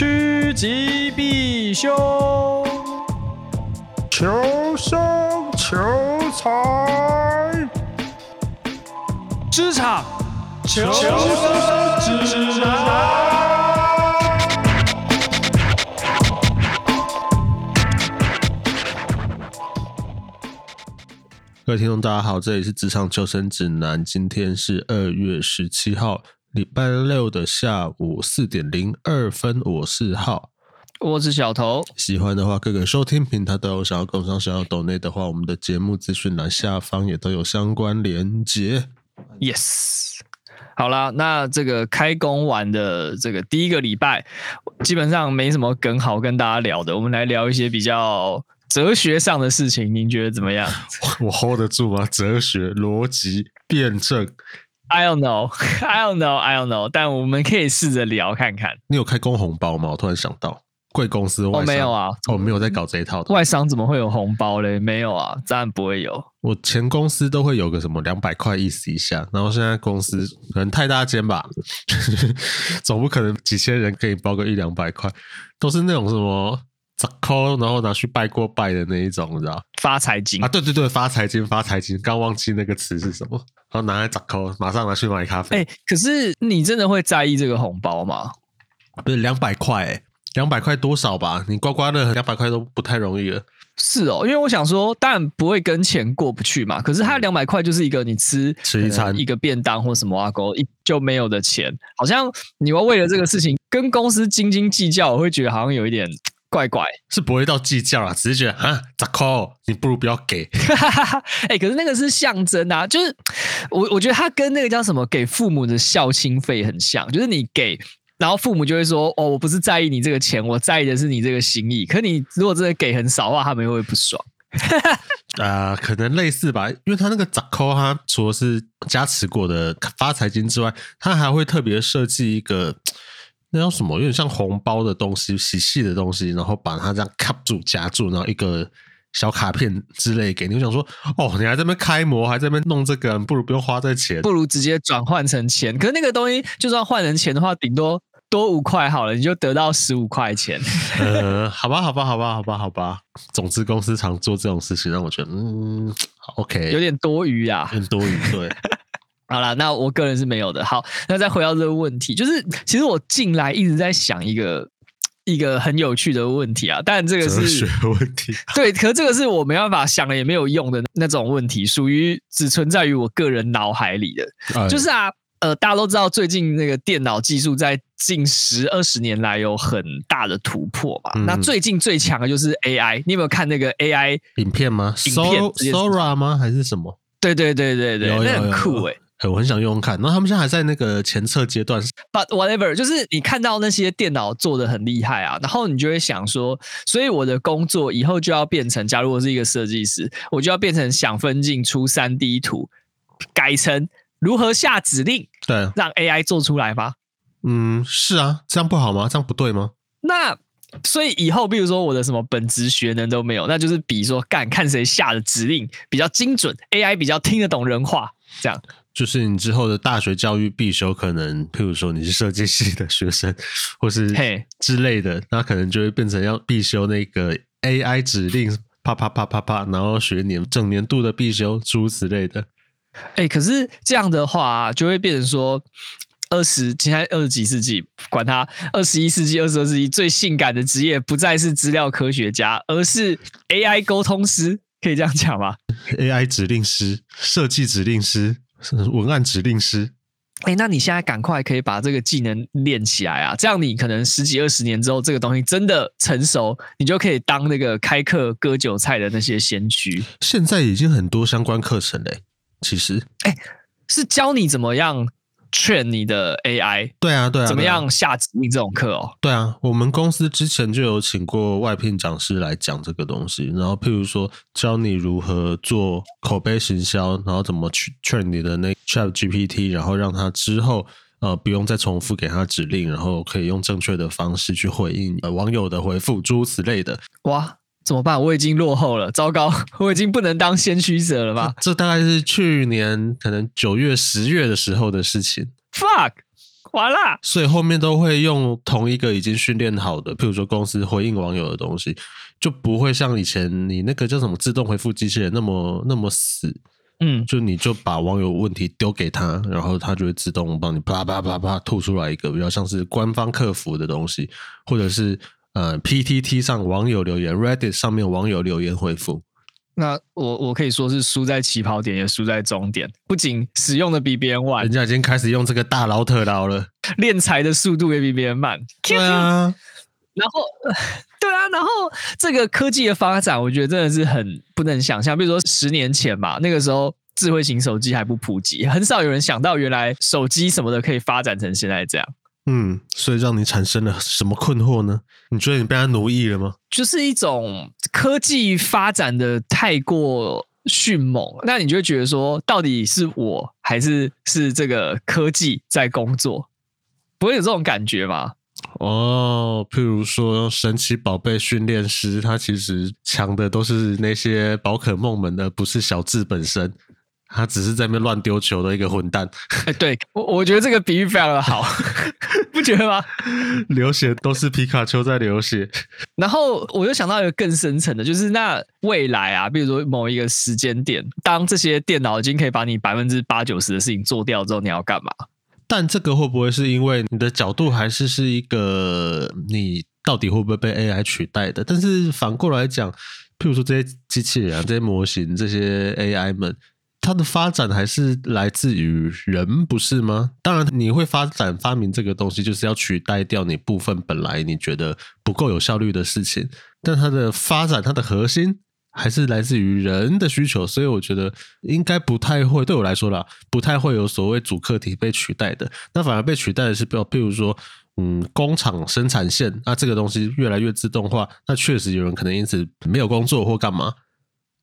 趨吉避凶，求生求財，職場求生指南。各位聽眾，大家好，這裡是職場求生指南，今天是2月17號。禮拜六的下午四點零二分，我是浩，我是小頭。喜歡的話，各個收聽平台都有。想要跟我們上想要抖內的話，我們的節目資訊欄下方也都有相關連接。Yes，好啦，那這個開工完的這個第一個禮拜，基本上沒什麼梗好跟大家聊的。我們來聊一些比較哲學上的事情，您覺得怎麼樣？ 我，我 hold 得住啊？哲學、邏輯、辯證。I don't know, I don't know, I don't know。但我們可以試着聊看看。你有開工紅包嗎？我突然想到，貴公司外商我、哦、沒有啊，我、哦、沒有在搞這一套的。外商怎麼會有紅包嘞？沒有啊，當然不會有。我前公司都會有個什麼兩百塊意思一下，然後現在公司可能太大間吧， 總不可能幾千人給你包個一兩百塊，都是那種什麼砸扣，然後拿去拜過拜的那一種，你知道？發財金啊，對對對，對，發財金，發財金，剛忘記那個詞是什麼。然後拿來砸口馬上拿去買咖啡。哎、欸，可是你真的會在意這個紅包嗎？不是兩百塊、欸，兩百塊多少吧？你刮刮樂兩百塊都不太容易了。是哦，因為我想說，當然不會跟錢過不去嘛。可是他兩百塊就是一個你吃，嗯、吃一餐一個便當或者什麼啊，夠一就沒有的錢。好像你要為了這個事情跟公司斤斤計較，我會覺得好像有一點。怪怪，是不會到計較啊，只是覺得啊，砸摳你不如不要給。哎、 欸，可是那個是象徵啊，就是我我覺得它跟那個叫什麼給父母的孝親費很像，就是你給，然後父母就會說哦，我不是在意你這個錢，我在意的是你這個心意。可是你如果真的給很少的話，他們又會不爽。啊、 呃，可能類似吧，因為他那個砸口，他除了是加持過的發財金之外，他還會特別設計一個。那叫什麼？有點像紅包的東西，喜氣的東西，然後把它這樣卡住、夾住，然後一個小卡片之類給你。我想說，哦，你還在那邊開模，還在那邊弄這個，不如不用花這錢，不如直接轉換成錢。可是那個東西就算換成錢的話，頂多多五塊好了，你就得到十五塊錢。 呃，好吧，好吧，好吧，好吧，好吧。總之，公司常做這種事情，讓我覺得，嗯，OK，有點多餘啊，很多餘，對。 好啦，那我個人是沒有的。好，那再回到這個問題，就是其實我近來一直在想一個一個很有趣的問題啊，但這個是哲學問題，對，可這個是我沒辦法想了也沒有用的那種問題，屬於只存在於我個人腦海裡的、哎。就是啊，呃，大家都知道最近那個電腦技術在近十二十年來有很大的突破嘛，嗯、那最近最強的就是 AI，你有沒有看那個 AI 影片嗎影片？Sora 嗎？還是什麼？對對對對對，對，對，有有有有有有，那很酷哎、欸。我很想用用看，然後他們現在還在那個前測階段。But whatever，就是你看到那些電腦做得很厲害啊，然後你就會想說，所以我的工作以後就要變成，假如我是一個設計師，我就要變成想分鏡、出三 D 圖，改成如何下指令，對，讓 AI 做出來嗎？嗯，是啊，這樣不好嗎？這樣不對嗎？那所以以後，比如說我的什麼本職學能都沒有，那就是比如說乾看誰下的指令比較精準，AI 比較聽得懂人話，這樣。就是你之後的大學教育必修，可能譬如說你是設計系的學生，或是之類的，那、hey, 可能就會變成要必修那個 AI 指令，啪啪啪啪啪，然後學年整年度的必修諸如此類的。哎、欸，可是這樣的話、啊，就會變成說二十，現在二十幾世紀，管他二十一世紀、二十二世紀，最性感的職業不再是資料科學家，而是 AI 溝通師，可以這樣講嗎？AI 指令師、設計指令師。是文案指令師，哎、欸，那你現在趕快可以把這個技能練起來啊！這樣你可能十幾二十年之後，這個東西真的成熟，你就可以當那個開課割韭菜的那些先驅。現在已經很多相關課程嘞，其實，哎、欸，是教你怎麼樣。train 你的 AI 對啊對啊,對啊,對啊,對啊,對啊，怎麼樣下指令這種課哦？對啊，我們公司之前就有請過外聘講師來講這個東西，然後譬如說教你如何做口碑行銷，然後怎麼去 train 你的那 Chat GPT，然後讓他之後呃不用再重複給他指令，然後可以用正確的方式去回應、呃、網友的回覆諸如此類的哇。怎麼辦？我已經落後了，糟糕，我已經不能當先驅者了吧？啊，這大概是去年可能九月、十月的時候的事情。fuck，完了。所以後面都會用同一個已經訓練好的，譬如說公司回應網友的東西，就不會像以前你那個叫什麼自動回覆機器人那麼那麼死。嗯，就你就把網友問題丟給他，然後他就會自動幫你啪啦啪啦啪啦啪吐出來一個比較像是官方客服的東西，或者是。呃，P T T 上網友留言，Reddit 上面網友留言回復。那我我可以說是輸在起跑點，也輸在終點。不僅使用的比別人晚，人家已經開始用這個大老特老了，練材的速度也比別人慢。對啊，然後對啊，然後這個科技的發展，我覺得真的是很不能想象。比如說十年前嘛，那個時候智慧型手機還不普及，很少有人想到原來手機什麼的可以發展成現在這樣。嗯，所以讓你產生了什麼困惑呢？你覺得你被他奴役了嗎？就是一種科技發展的太過迅猛，那你就會覺得說，到底是我還是是這個科技在工作？不會有這種感覺嗎？哦，譬如說《神奇寶貝》訓練師，他其實強的都是那些寶可夢們的，不是小智本身。他只是在那亂丟球的一個混蛋。哎、 欸，對我，我覺得這個比喻非常的好， 不覺得嗎？ 流血都是皮卡丘在流血。 然後我又想到一個更深層的，就是那未來啊，比如說某一個時間點，當這些電腦已經可以把你百分之八九十的事情做掉之後，你要幹嘛？但這個會不會是因為你的角度還是是一個你到底會不會被 AI 取代的？但是反過來講，譬如說這些機器人啊，這些模型，這些 AI 們。它的發展還是來自於人，不是嗎？當然，你會發展發明這個東西，就是要取代掉你部分本來你覺得不夠有效率的事情。但它的發展，它的核心還是來自於人的需求，所以我覺得應該不太會。對我來說啦，不太會有所謂主客體被取代的。那反而被取代的是，比比如說，嗯，工廠生產線，啊，那這個東西越來越自動化，那確實有人可能因此沒有工作或幹嘛。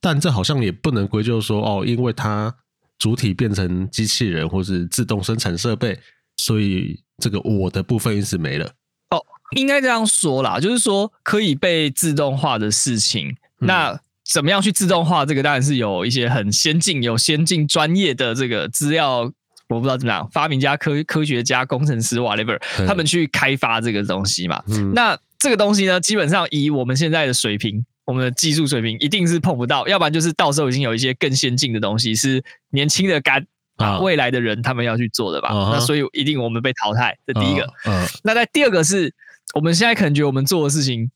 但這好像也不能歸咎說哦，因為它主體變成機器人或是自動生產設備，所以這個我的部分意思沒了。哦，應該這樣說啦，就是說可以被自動化的事情。嗯，那怎麼樣去自動化這個？當然是有一些很先進、有先進專業的這個資料，我不知道怎麼樣，發明家、科科學家、工程師 whatever，嗯，他們去開發這個東西嘛，嗯。那這個東西呢，基本上以我們現在的水平。我們的技術水平一定是碰不到，要不然就是到時候已經有一些更先進的東西是年輕的幹啊未來的人他們要去做的吧。那所以一定我們被淘汰，這第一個。嗯，那在第二個是我們現在可能覺得我們做的事情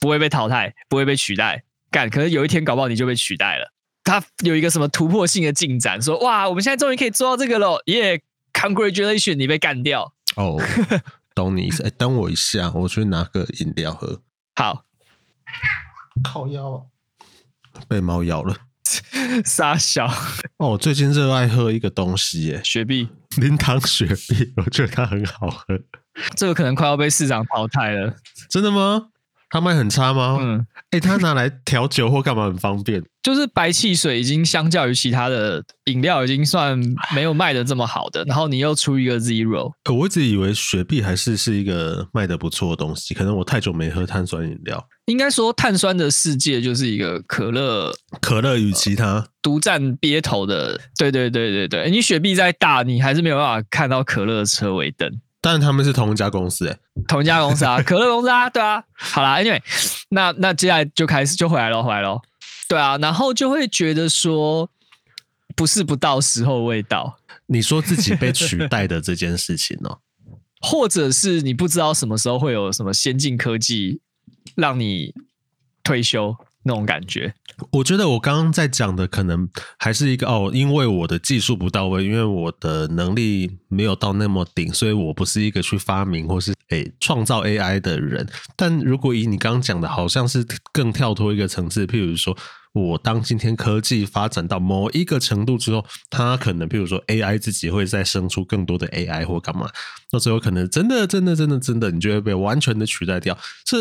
不會被淘汰，不會被取代，幹可是有一天搞不好你就被取代了。他有一個什麼突破性的進展，說哇，我們現在終於可以做到這個了，耶、yeah,，congratulation，你被幹掉。哦，懂你意思。哎、 欸，等我一下，我去拿個飲料喝。好。靠腰、喔，被貓咬了，撒 小，哦，我最近熱愛喝一個東西耶，雪碧，零糖雪碧，我覺得它很好喝。這個可能快要被市場淘汰了，真的嗎？他賣很差嗎？嗯、欸，哎,他拿來調酒或幹嘛很方便。 就是白汽水已經相較於其他的飲料已經算沒有賣得這麼好的，然後你又出一個 Zero。可我一直以為雪碧還是是一個賣得不錯的東西，可能我太久沒喝碳酸飲料。應該說碳酸的世界就是一個可樂，可樂與其他獨占鰲頭的。對對對對對，你雪碧再大，你還是沒有辦法看到可樂的車尾燈。但他們是同一家公司，欸，同一家公司啊， 可樂公司啊，對啊。好啦，Anyway，那那接下來就開始就回來囉，回來囉。對啊，然後就會覺得說，不是不到時候未到。你說自己被取代的這件事情呢，喔， 或者是你不知道什麼時候會有什麼先進科技讓你退休。那種感覺，我覺得我剛剛在講的可能還是一個哦，因為我的技術不到位，因為我的能力沒有到那麼頂，所以我不是一個去發明或是欸創造 AI 的人。但如果以你剛剛講的，好像是更跳脫一個層次，譬如說，我當今天科技發展到某一個程度之後，它可能譬如說 AI 自己會再生出更多的 AI 或幹嘛，那最後可能真的、真的、真的、真的，你就會被完全的取代掉。這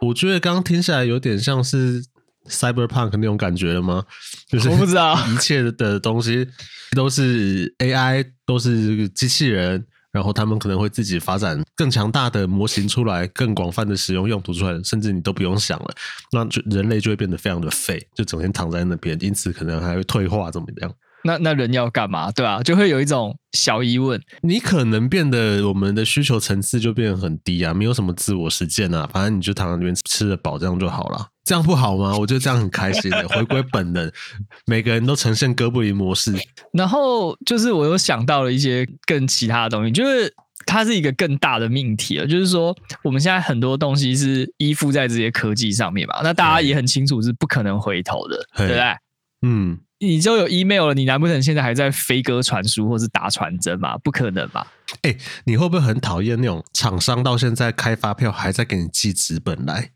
我覺得剛剛聽下來有點像是。Cyberpunk 那種感覺了嗎？就是我不知道 一切的東西都是 AI，都是機器人，然後他們可能會自己發展更強大的模型出來，更廣泛的使用用途出來，甚至你都不用想了，那就人類就會變得非常的廢，就整天躺在那邊，因此可能還會退化，怎麼樣？那那人要幹嘛？對吧、啊？就會有一種小疑問，你可能變得我們的需求層次就變得很低啊，沒有什麼自我實踐啊，反正你就躺在那邊吃得飽，這樣就好了。這樣不好嗎？我覺得這樣很開心、欸。回歸本能， 每個人都呈現哥布林模式。然後就是我又想到了一些更其他的東西，就是它是一個更大的命題了。就是說，我們現在很多東西是依附在這些科技上面嘛。那大家也很清楚是不可能回頭的、嗯，對不對？嗯，你就有 email 了，你難不成現在還在飛鴿傳書或是打傳真嘛？不可能嘛。哎、欸，你會不會很討厭那種廠商到現在開發票還在給你寄紙本來？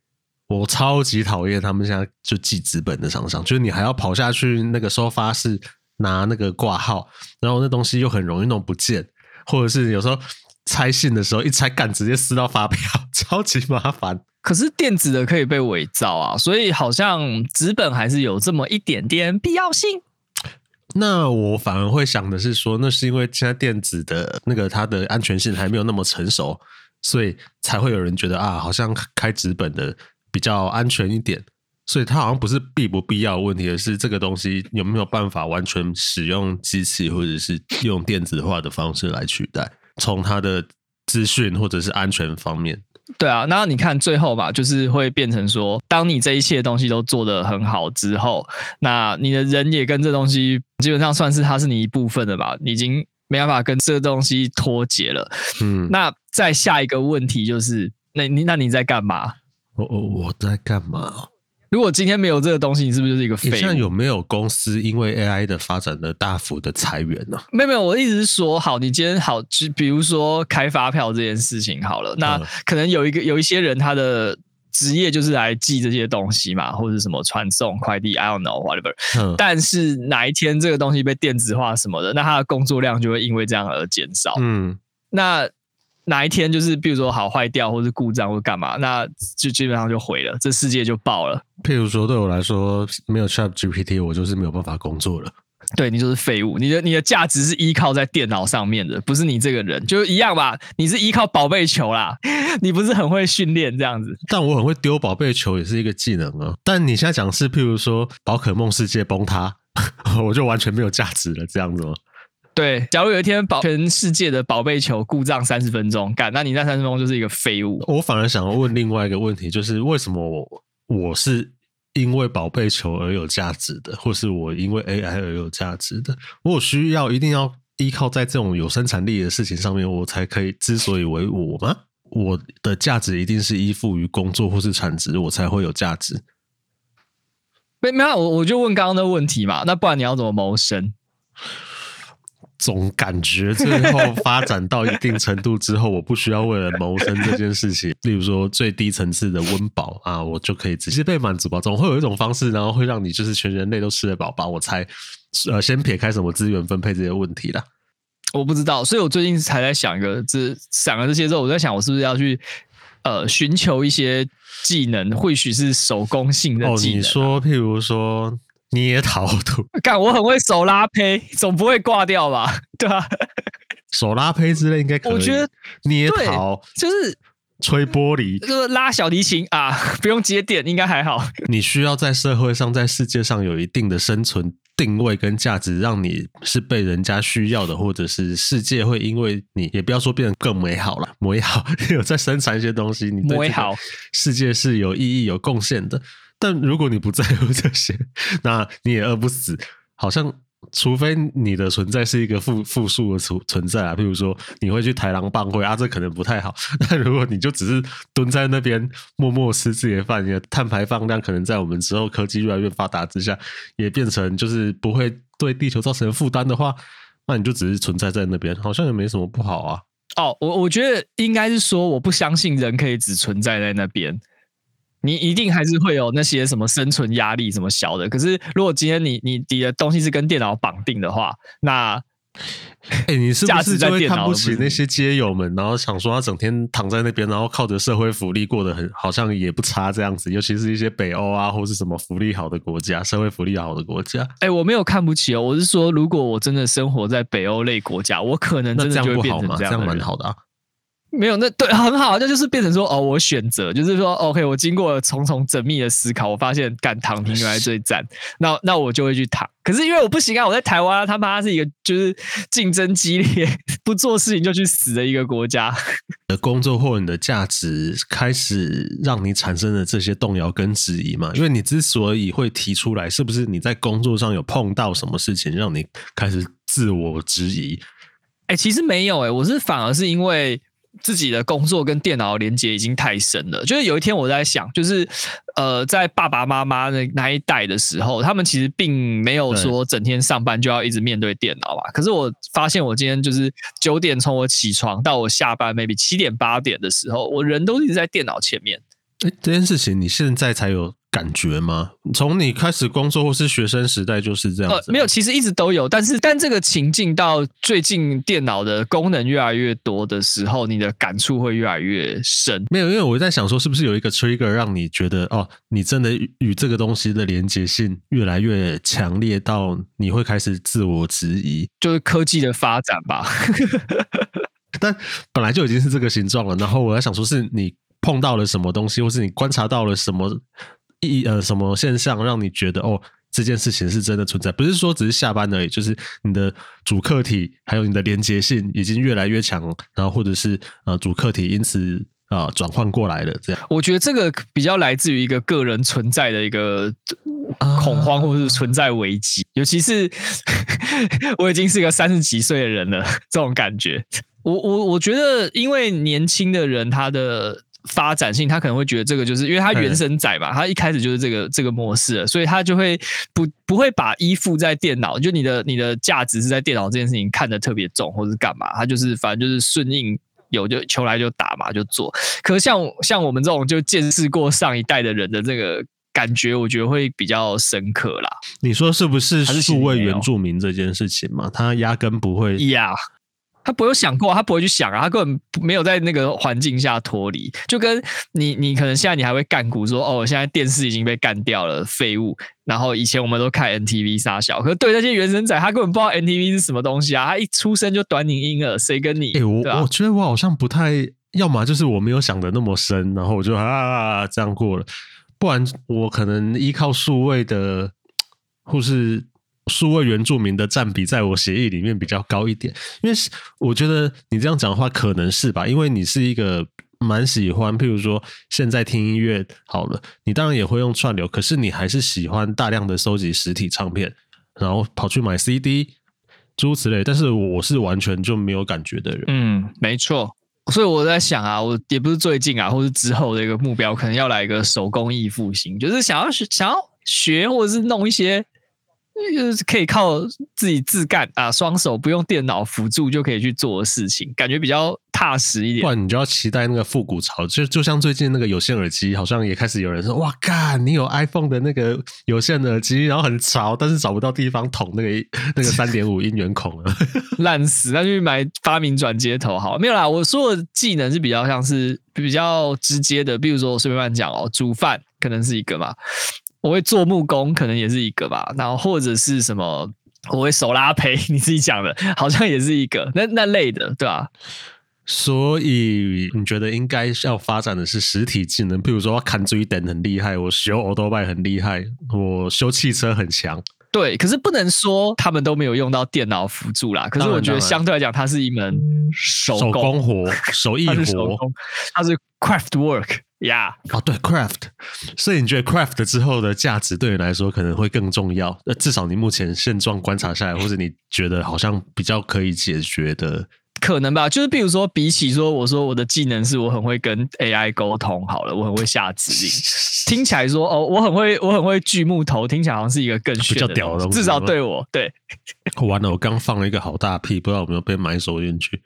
我超級討厭他們現在就寄紙本的廠商，就是你還要跑下去那個收發室拿那個掛號，然後那東西又很容易弄不見，或者是有時候拆信的時候一拆，幹，直接撕到發票，超級麻煩。可是電子的可以被偽造啊，所以好像紙本還是有這麼一點點必要性。那我反而會想的是說，那是因為現在電子的那個它的安全性還沒有那麼成熟，所以才會有人覺得啊，好像開紙本的。比較安全一點，所以它好像不是必不必要的問題，而是這個東西有沒有辦法完全使用機器或者是用電子化的方式來取代？從它的資訊或者是安全方面，對啊。那你看最後吧，就是會變成說，當你這一切東西都做得很好之後，那你的人也跟這東西基本上算是它是你一部分的吧，你已經沒辦法跟這東西脫節了。嗯，那再下一個問題就是，那你那你在幹嘛？我哦，我在幹嘛、喔？如果今天沒有這個東西，你是不是就是一個廢物？你、欸、現有沒有公司因為 AI 的發展的大幅的裁員呢、啊？沒有，沒有。我一直說好，你今天好，就比如說開發票這件事情好了。那、嗯、可能有一個有一些人他的職業就是來寄這些東西嘛，或者什麼傳送快遞，I don't know, whatever、嗯。但是哪一天這個東西被電子化什麼的，那他的工作量就會因為這樣而減少。嗯，那。哪一天就是，比如說好壞掉，或者是故障，或者幹嘛，那就基本上就毀了，這世界就爆了。譬如說，對我來說，沒有 ChatGPT，我就是沒有辦法工作了。對，你就是廢物，你的你的價值是依靠在電腦上面的，不是你這個人，就一樣吧？你是依靠寶貝球啦，你不是很會訓練這樣子？但我很會丟寶貝球，也是一個技能啊、哦。但你現在講的是，譬如說寶可夢世界崩塌， 我就完全沒有價值了，這樣子嗎、哦？對，假如有一天保全世界的寶貝球故障三十分鐘，幹，那你那三十分鐘就是一個廢物。我反而想要問另外一個問題，就是為什麼我我是因為寶貝球而有價值的，或是我因為 AI 而有價值的？我需要一定要依靠在這種有生產力的事情上面，我才可以之所以為我嗎？我的價值一定是依附於工作或是產值，我才會有價值？沒沒有，我我就問剛剛的問題嘛。那不然你要怎麼謀生？總感覺最後發展到一定程度之後， 我不需要為了謀生這件事情，例如說最低層次的溫飽啊，我就可以直接被滿足吧？總會有一種方式，然後會讓你就是全人類都吃得飽吧？我猜呃，先撇開什麼資源分配這些問題啦。我不知道。所以我最近才在想一個，這想了這些之後，我在想我是不是要去呃尋求一些技能，或許是手工性的技能、啊，比、哦、你說，譬如說。捏陶土，幹！我很會手拉胚，總不會掛掉吧？對吧、啊？ 手拉胚之類應該可以。我覺得捏陶就是吹玻璃，就、呃、是拉小提琴啊，不用接電應該還好。你需要在社會上，在世界上有一定的生存定位跟價值，讓你是被人家需要的，或者是世界會因為你，也不要說變得更美好了，美好 你有在生產一些東西，你美好世界是有意義、有貢獻的。但如果你不在乎這些，那你也餓不死。好像除非你的存在是一個負負數的存存在啊，比如說你會去台狼棒會啊，這可能不太好。但如果你就只是蹲在那邊默默吃自己的飯，你的碳排放量可能在我們之後科技越來越發達之下，也變成就是不會對地球造成負擔的話，那你就只是存在在那邊，好像也沒什麼不好啊。哦，我我覺得應該是說，我不相信人可以只存在在那邊。你一定還是會有那些什麼生存壓力什麼小的。可是如果今天你你你的東西是跟電腦綁定的話，那哎、欸，你是不是因為看不起那些街友們、欸是是，然後想說他整天躺在那邊，然後靠着社會福利過得很好像也不差這樣子？尤其是一些北歐啊或是什麼福利好的國家，社會福利好的國家。哎、欸，我沒有看不起哦，我是說如果我真的生活在北歐類國家，我可能真的就不好嗎？這樣，蠻好的啊。沒有那對很好，就就是變成說哦，我選擇就是說，OK，、哦、我經過了重重縝密的思考，我發現敢躺平原來最讚。那那我就會去躺。可是因為我不行啊，我在台灣他媽,他媽他是一個就是競爭激烈，不做事情就去死的一個國家。的工作或者你的價值開始讓你產生了這些動搖跟質疑嘛？因為你之所以會提出來，是不是你在工作上有碰到什麼事情，讓你開始自我質疑？哎、欸，其實沒有、欸、我是反而是因為。自己的工作跟電腦連接已經太深了，就是有一天我在想，就是，呃，在爸爸媽媽那那一代的時候，他們其實並沒有說整天上班就要一直面對電腦吧。可是我發現，我今天就是九點從我起床到我下班，maybe 七點八點的時候，我人都一直在電腦前面。哎、欸，這件事情你現在才有。感覺嗎？從你開始工作或是學生時代就是這樣子。哦，沒有，其實一直都有，但是但這個情境到最近電腦的功能越來越多的時候，你的感觸會越來越深。沒有，因為我在想說，是不是有一個 trigger 讓你覺得哦，你真的與這個東西的連接性越來越強烈，到你會開始自我質疑，就是科技的發展吧。 但本來就已經是這個形狀了，然後我在想說，是你碰到了什麼東西，或是你觀察到了什麼。一呃，什麼現象讓你覺得哦，這件事情是真的存在？不是說只是下班而已，就是你的主客體還有你的連接性已經越來越強，然後或者是呃主客體因此啊、呃、轉換過來的？這樣，我覺得這個比較來自於一個個人存在的一個恐慌或者是存在危機，uh... 尤其是 我已經是一個三十幾歲的人了，這種感覺，我我我覺得因為年輕的人他的。發展性，他可能會覺得這個就是，因為他原生仔嘛，他一開始就是這個這個模式，所以他就會不不會把依附在電腦，就你的你的價值是在電腦這件事情看得特別重，或者幹嘛，他就是反正就是順應有就求來就打嘛就做。可是像像我們這種就見識過上一代的人的這個感覺，我覺得會比較深刻啦。你說是不是數位原住民這件事情嘛？他壓根不會呀，yeah. 他不用想過、啊，他不會去想啊，他根本沒有在那個環境下脫離，就跟你，你可能現在你還會乾股說，哦，現在電視已經被幹掉了，廢物。然後以前我們都看 NTV 啥小，可是對那些原生仔，他根本不知道 NTV 是什麼東西啊，他一出生就短影音了，誰跟你？哎、欸，我、啊、我覺得我好像不太，要麼就是我沒有想得那麼深，然後我就啊啦啦啦這樣過了，不然我可能依靠數位的或是。數位原住民的佔比在我協議裡面比較高一點，因為是，我覺得你這樣講的話可能是吧，因為你是一個蠻喜歡，譬如說現在聽音樂好了，你當然也會用串流，可是你還是喜歡大量的收集實體唱片，然後跑去買 CD 諸如此類。但是我是完全就沒有感覺的人。嗯，沒錯。所以我在想啊，我也不是最近啊，或是之後的一個目標，可能要來一個手工藝復興，就是想要學，想要學，或者是弄一些。就是可以靠自己自幹啊，雙手不用電腦輔助就可以去做的事情，感覺比較踏實一點。不然你就要期待那個復古潮，就就像最近那個有線耳機，好像也開始有人說，哇靠，你有 iPhone 的那個有線耳機，然後很潮，但是找不到地方捅那個那個三點五音源孔了，爛 死，那就買發明轉接頭好了。沒有啦，我說的技能是比較像是比較直接的，比如說我隨便亂講哦、喔，煮飯可能是一個嘛。我會做木工，可能也是一個吧。然後或者是什麼，我會手拉坯，你自己講的，好像也是一個那那類的，對吧？所以你覺得應該要發展的是實體技能，譬如說我砍竹子很厲害，我修歐兜拜很厲害，我修汽車很強。對，可是不能說他們都沒有用到電腦輔助啦。可是我覺得相對來講，它是一門手工，手工活、手藝活，它是，是 craft work，yeah。哦，對，craft。所以你覺得 craft 之後的價值對你來說可能會更重要？那至少你目前現狀觀察下來，或者你覺得好像比較可以解決的？可能吧，就是譬如說，比起說，我說我的技能是我很會跟 AI 溝通，好了，我很會下指令， 聽起來說哦，我很會，我很會鋸木頭，聽起來好像是一個更需要屌的東西，至少對我對。完了，我剛放了一個好大屁，不知道有沒有被麥收進去？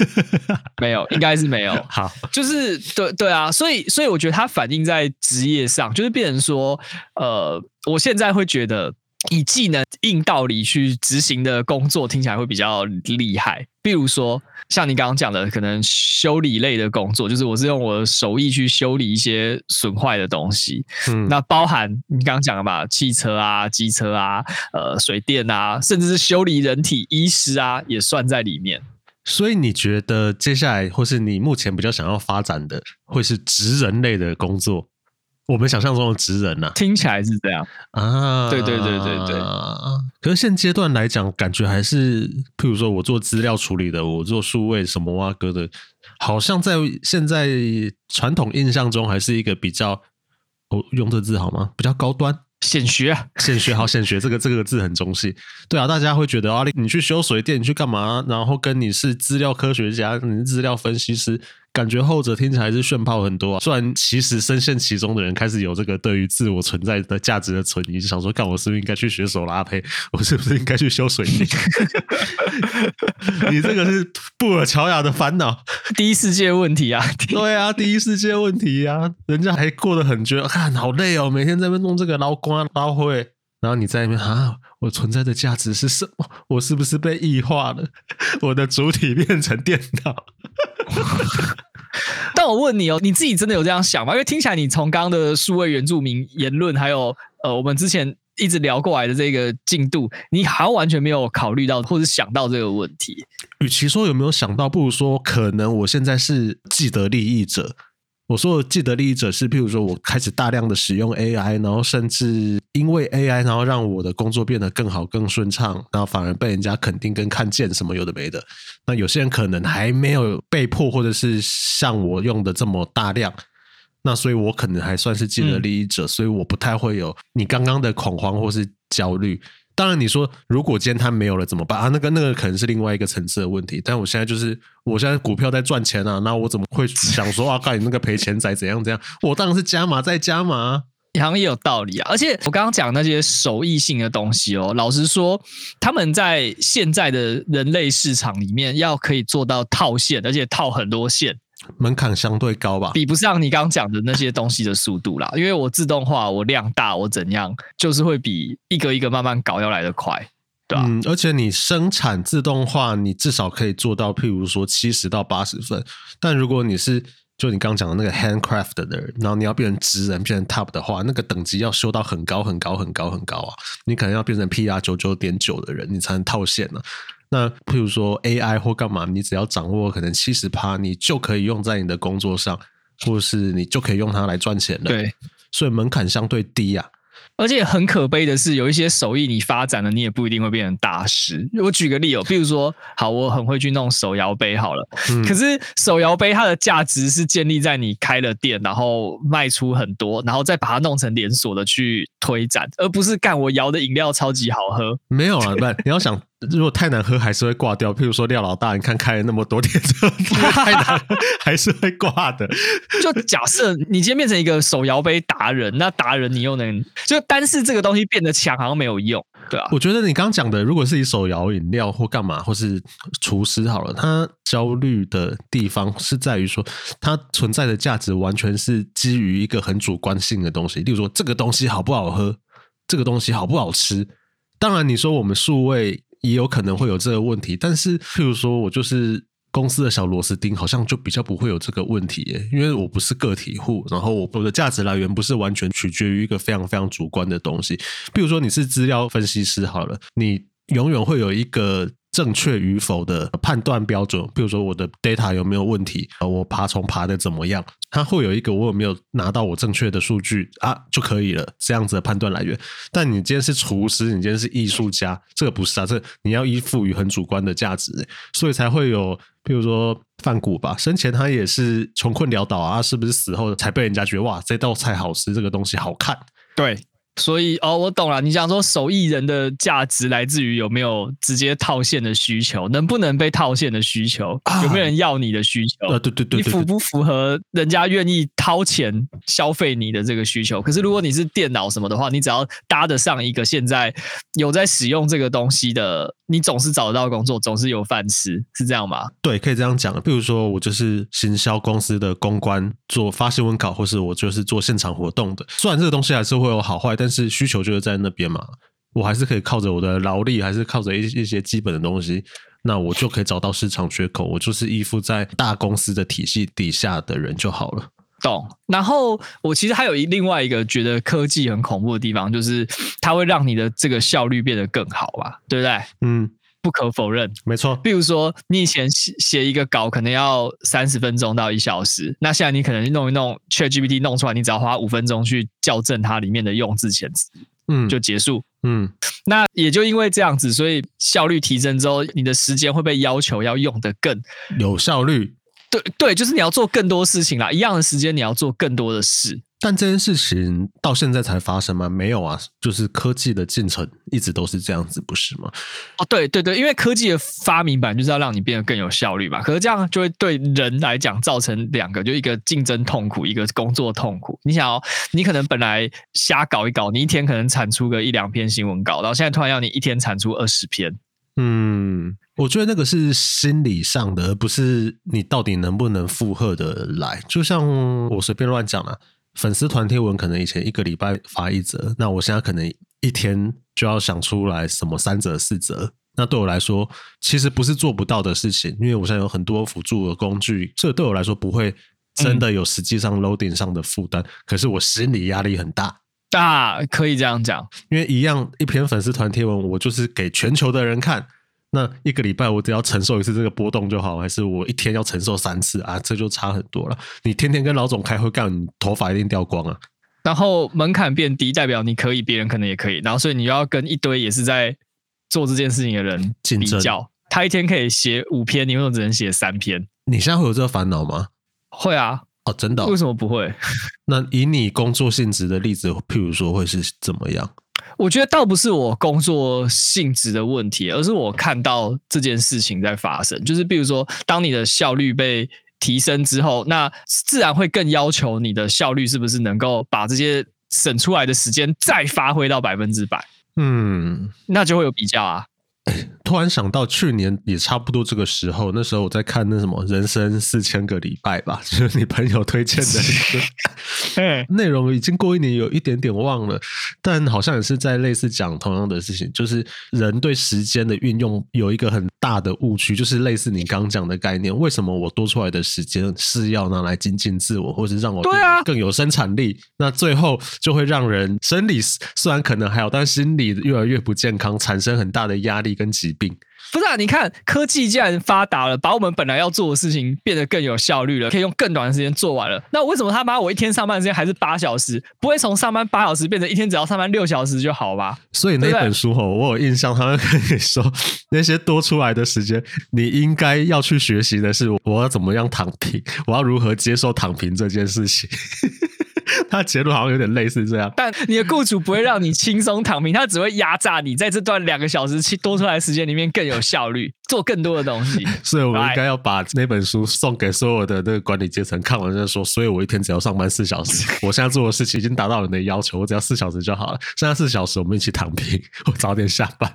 沒有，應該是沒有。 好，就是對對啊，所以所以我覺得它反映在職業上，就是變成說，呃，我現在會覺得。以技能硬道理去執行的工作聽起來會比較厲害。比如說，像你剛剛講的，可能修理類的工作，就是我是用我的手藝去修理一些損壞的東西。嗯，那包含你剛剛講的吧，汽車啊、機車啊、呃、水電啊，甚至是修理人體，醫師啊，也算在裡面。所以你覺得接下來，或是你目前比較想要發展的，會是職人類的工作？我們想象中的職人吶、啊，聽起來是這樣啊，對，對對對對對。可是現階段來講，感覺還是，譬如說我做資料處理的，我做數位什麼蛙、啊、哥的，好像在現在傳統印象中，還是一個比較，我用這字好嗎？比較高端，顯學、啊、學，顯學好，顯學這個這個字很中性。對啊，大家會覺得啊，你、哦、你去修水電，你去幹嘛？然後跟你是資料科學家，你是資料分析師。感覺後者聽起來是炫炮很多啊，雖然其實深陷其中的人開始有這個對於自我存在的價值的存疑，就想說，看我是不是應該去學手拉胚，我是不是應該去修水泥？ 你這個是布爾喬亞的煩惱，第一世界問題啊！ 對啊，第一世界問題啊！人家還過得很絕，啊，好累哦，每天在那邊弄這個撈瓜撈會，然後你在那邊啊，我存在的價值是什麼？我是不是被異化了？我的主體變成電腦？ 但我問你哦，你自己真的有這樣想嗎？因為聽起來你從剛剛的數位原住民言論，還有呃，我們之前一直聊過來的這個進度，你還完全沒有考慮到或者想到這個問題。與其說有沒有想到，不如說可能我現在是既得利益者。我說，既得利益者是譬如說，我開始大量的使用 AI，然後甚至因為 AI，然後讓我的工作變得更好、更順暢，然後反而被人家肯定跟看見什麼有的沒的。那有些人可能還沒有被迫，或者是像我用的這麼大量，那所以我可能還算是既得利益者，嗯，所以我不太會有你剛剛的恐慌或是焦慮。當然，你說如果今天它沒有了怎麼辦啊？那個那個可能是另外一個層次的問題。但我現在就是，我現在股票在賺錢啊，那我怎麼會想說 啊，干你那個賠錢仔怎樣怎樣？我當然是加碼再加碼，好像也有道理啊。而且我剛剛講那些手藝性的東西哦，老實說，他們在現在的人類市場裡面，要可以做到套現，而且套很多現。門檻相對高吧，比不上你剛講的那些東西的速度啦。 因為我自動化，我量大，我怎樣，就是會比一個一個慢慢搞要來得快，對吧、啊？嗯，而且你生產自動化，你至少可以做到，譬如說七十到八十分。但如果你是就你剛講的那個 handcraft 的人，然後你要變成職人變成 top 的話，那個等級要修到很高很高很高很高啊！你可能要變成 PR 九九點九的人，你才能套現呢、啊。那譬如說 AI 或幹嘛，你只要掌握可能七十趴，你就可以用在你的工作上，或是你就可以用它來賺錢了。對，所以門檻相對低啊，而且很可悲的是，有一些手藝你發展了，你也不一定會變成大師。我舉個例哦，喔，譬如說，好，我很會去弄手搖杯好了。嗯。可是手搖杯它的價值是建立在你開了店，然後賣出很多，然後再把它弄成連鎖的去推展，而不是幹我搖的飲料超級好喝。沒有啊，你你要想。如果太難喝還是會掛掉。譬如說廖老大，你看開了那麼多店，太難喝 還是會掛的。就假設你今天變成一個手搖杯達人，那達人你又能就單是這個東西變得強，好像沒有用。對啊，我覺得你剛剛講的，如果是以手搖飲料或幹嘛，或是廚師好了，他焦慮的地方是在於說，它存在的價值完全是基於一個很主觀性的東西，例如說這個東西好不好喝，這個東西好不好吃。當然，你說我們數位。也有可能會有這個問題，但是譬如說我就是公司的小螺絲釘，好像就比較不會有這個問題耶，因為我不是個體戶，然後我的價值來源不是完全取決於一個非常非常主觀的東西。譬如說你是資料分析師好了，你永遠會有一個。正確與否的判斷標準，比如說我的 data 有沒有問題，我爬蟲爬得怎麼樣，它會有一個我有沒有拿到我正確的數據啊就可以了，這樣子的判斷來源。但你今天是廚師，你今天是藝術家，這個不是啊，這個、你要依附於很主觀的價值，所以才會有，比如說梵谷吧，生前他也是窮困潦倒啊，是不是死後才被人家覺得哇，這道菜好吃，這個東西好看，對。所以哦，我懂了。你想說，手藝人的價值來自於有沒有直接套現的需求，能不能被套現的需求，啊、有沒有人要你的需求？啊，對對對，對，你符不符合人家願意掏錢消費你的這個需求對對對對對對。可是如果你是電腦什麼的話，你只要搭得上一個現在有在使用這個東西的，你總是找得到工作，總是有飯吃，是這樣嗎？對，可以這樣講。比如說我就是行銷公司的公關，做發新聞稿，或是我就是做現場活動的。雖然這個東西還是會有好壞，但是但是需求就是在那邊嘛，我還是可以靠着我的勞力，還是靠着一一些基本的東西，那我就可以找到市場缺口。我就是依附在大公司的體系底下的人就好了。懂。然後我其實還有一另外一個覺得科技很恐怖的地方，就是它會讓你的這個效率變得更好吧？對不對？嗯。不可否認，沒錯。比如說，你以前寫寫一個稿，可能要三十分鐘到一小時，那現在你可能弄一弄，ChatGPT 弄出來，你只要花五分鐘去校正它裡面的用字遣詞，嗯，就結束。嗯，那也就因為這樣子，所以效率提升之後，你的時間會被要求要用得更有效率。對對，就是你要做更多事情啦，一樣的時間你要做更多的事。但這件事情到現在才發生嗎？沒有啊，就是科技的進程一直都是這樣子，不是嗎？哦，對對對，因為科技的發明版就是要讓你變得更有效率嘛。可是這樣就會對人來講造成兩個，就一個競爭痛苦，一個工作痛苦。你想要、哦，你可能本來瞎搞一搞，你一天可能產出個一兩篇新聞稿，然後現在突然要你一天產出二十篇。嗯，我覺得那個是心理上的，而不是你到底能不能負荷的來。就像我隨便亂講了、啊。粉絲團貼文可能以前一個禮拜發一則，那我現在可能一天就要想出來什麼三則四則。那對我來說，其實不是做不到的事情，因為我現在有很多輔助的工具，這對我來說不會真的有實際上 loading 上的負擔，嗯。可是我心理壓力很大，大，啊，可以這樣講，因為一樣一篇粉絲團貼文，我就是給全球的人看，那一個禮拜我只要承受一次這個波動就好，還是我一天要承受三次啊？這就差很多了。你天天跟老總開會幹，你頭髮一定掉光啊。然後門檻變低，代表你可以，別人可能也可以。然後所以你又要跟一堆也是在做這件事情的人比較，他一天可以寫五篇，你為什麼只能寫三篇？你現在會有這個煩惱嗎？會啊。哦，真的哦？為什麼不會？那以你工作性質的例子，譬如說會是怎麼樣？我覺得倒不是我工作性質的問題，而是我看到這件事情在發生。就是比如說，當你的效率被提升之後，那自然會更要求你的效率是不是能夠把這些省出來的時間再發揮到百分之百。嗯，那就會有比較啊。突然想到去年也差不多這個時候，那時候我在看那什麼《人生四千個禮拜》吧,就是你朋友推薦的那個。內 容已經過一年，有一點點忘了，但好像也是在類似講同樣的事情，就是人對時間的運用有一個很大的誤區，就是類似你剛講的概念。為什麼我多出來的時間是要拿來精進自我，或是讓我對啊更有生產力、啊。那最後就會讓人生理雖然可能還好，但心理越來越不健康，產生很大的壓力跟疾病。不是啊！你看，科技既然發達了，把我們本來要做的事情變得更有效率了，可以用更短的時間做完了。那為什麼他媽我一天上班時間還是八小時？不會從上班八小時變成一天只要上班六小時就好吧？所以那本書吼，我有印象，他會跟你說那些多出來的時間，你應該要去學習的是，我要怎麼樣躺平，我要如何接受躺平這件事情。 他的結論好像有點類似這樣，但你的僱主不會讓你輕鬆躺平， 他只會壓榨你，在這段兩個小時去多出來的時間裡面更有效率。 做更多的東西，所以我應該要把那本書送給所有的那個管理階層看完再說。所以我一天只要上班四小時，我現在做的事情已經達到你的要求，我只要四小時就好了。剩下四小時我們一起躺平，我早點下班，